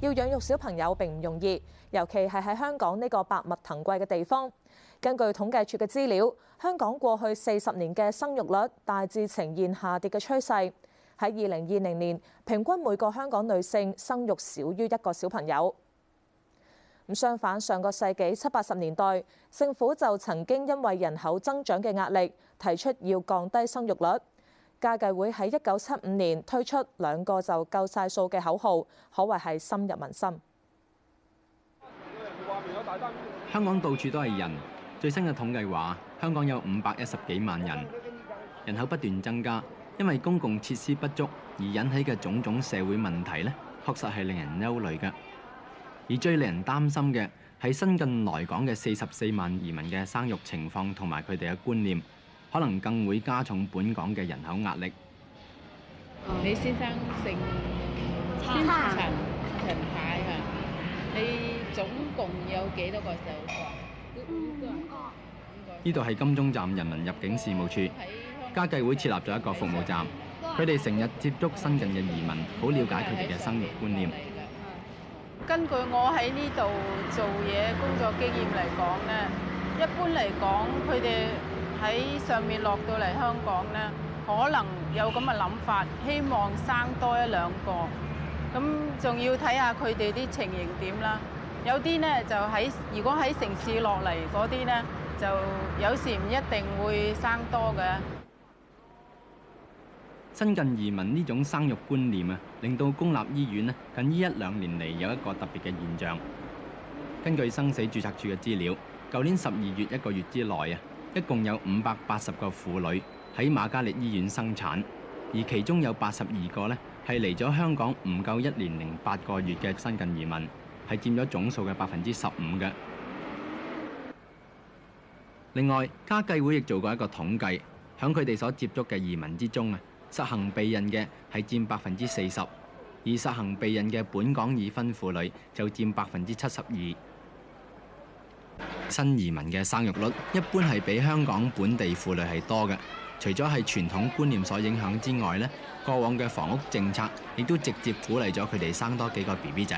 要養育小朋友並唔容易，尤其係喺香港呢個百物騰貴嘅地方。根據統計處嘅資料，香港過去四十年嘅生育率大致呈現下跌嘅趨勢。喺二零二零年，平均每個香港女性生育少於一個小朋友。咁相反，上個世紀七八十年代，政府就曾經因為人口增長嘅壓力，提出要降低生育率。家計會喺一九七五年推出兩個就夠晒數嘅口號，可謂係深入民心。香港到處都係人，最新嘅統計話香港有五百一十幾萬人，人口不斷增加，因為公共設施不足而引起嘅種種社會問題咧，確實係令人憂慮嘅。而最令人擔心嘅係新近來港嘅四十四萬移民嘅生育情況同埋佢哋嘅觀念。可能更會加重本港嘅人口壓力。李先生姓陳，陳太啊，你總共有幾多個小孩？五個。呢度係金鐘站人民入境事務處，家計會設立咗一個服務站。佢哋成日接觸新近嘅移民，好了解佢哋嘅生育觀念。根據我喺呢度做嘢工作經驗嚟講咧，一般嚟講佢哋。喺上面落到嚟香港呢，可能有咁嘅諗法，希望生多一兩個。咁仲要睇下佢哋啲情形點啦。有啲呢就喺如果喺城市落嚟嗰啲呢，就有時唔一定會生多嘅。新近移民呢種生育觀念啊，令到公立醫院呢近呢一兩年嚟有一個特別嘅現象。根據生死註冊處嘅資料，舊年十二月一個月之內啊。一共有五百八十個婦女喺瑪嘉烈醫院生產，而其中有八十二個咧係嚟咗香港唔夠一年零八個月嘅新近移民，係佔咗總數嘅百分之十五嘅。另外，家計會亦做過一個統計，響佢哋所接觸嘅移民之中啊，實行避孕嘅係佔百分之四十，而實行避孕嘅本港已婚婦女就佔百分之七十二。新移民嘅生育率一般係比香港本地婦女係多嘅。除咗係傳統觀念所影響之外咧，過往嘅房屋政策亦都直接鼓勵咗佢哋生多幾個 BB 仔。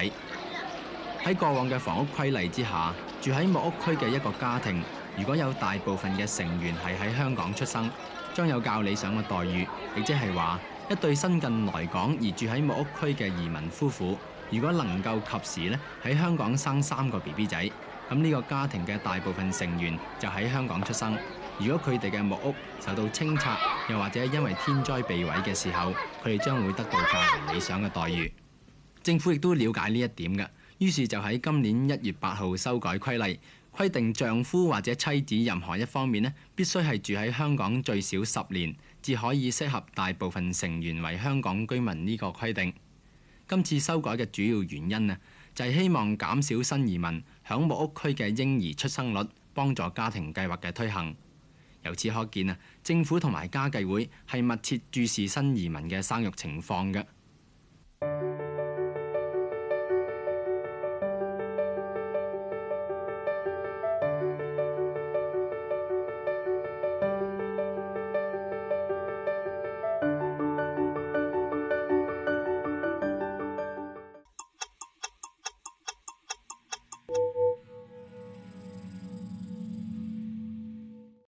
喺過往嘅房屋規例之下，住喺木屋區嘅一個家庭，如果有大部分嘅成員係喺香港出生，將有較理想嘅待遇。亦即係話，一對新近來港而住喺木屋區嘅移民夫婦，如果能夠及時咧，喺香港生三個 BB 仔。咁呢個家庭嘅大部分成員就喺香港出生。如果佢哋嘅木屋受到清拆，又或者因為天災被毀嘅時候，佢哋將會得到較唔理想嘅待遇。政府亦都了解呢一點嘅，於是就喺今年一月八號修改規例，規定丈夫或者妻子任何一方面呢，必須係住喺香港最少十年，至可以適合大部分成員為香港居民呢個規定。今次修改嘅主要原因呢，就係希望減少新移民響木屋區嘅嬰兒出生率，幫助家庭計劃嘅推行。由此可見啊，政府同埋家計會係密切注視新移民嘅生育情況嘅。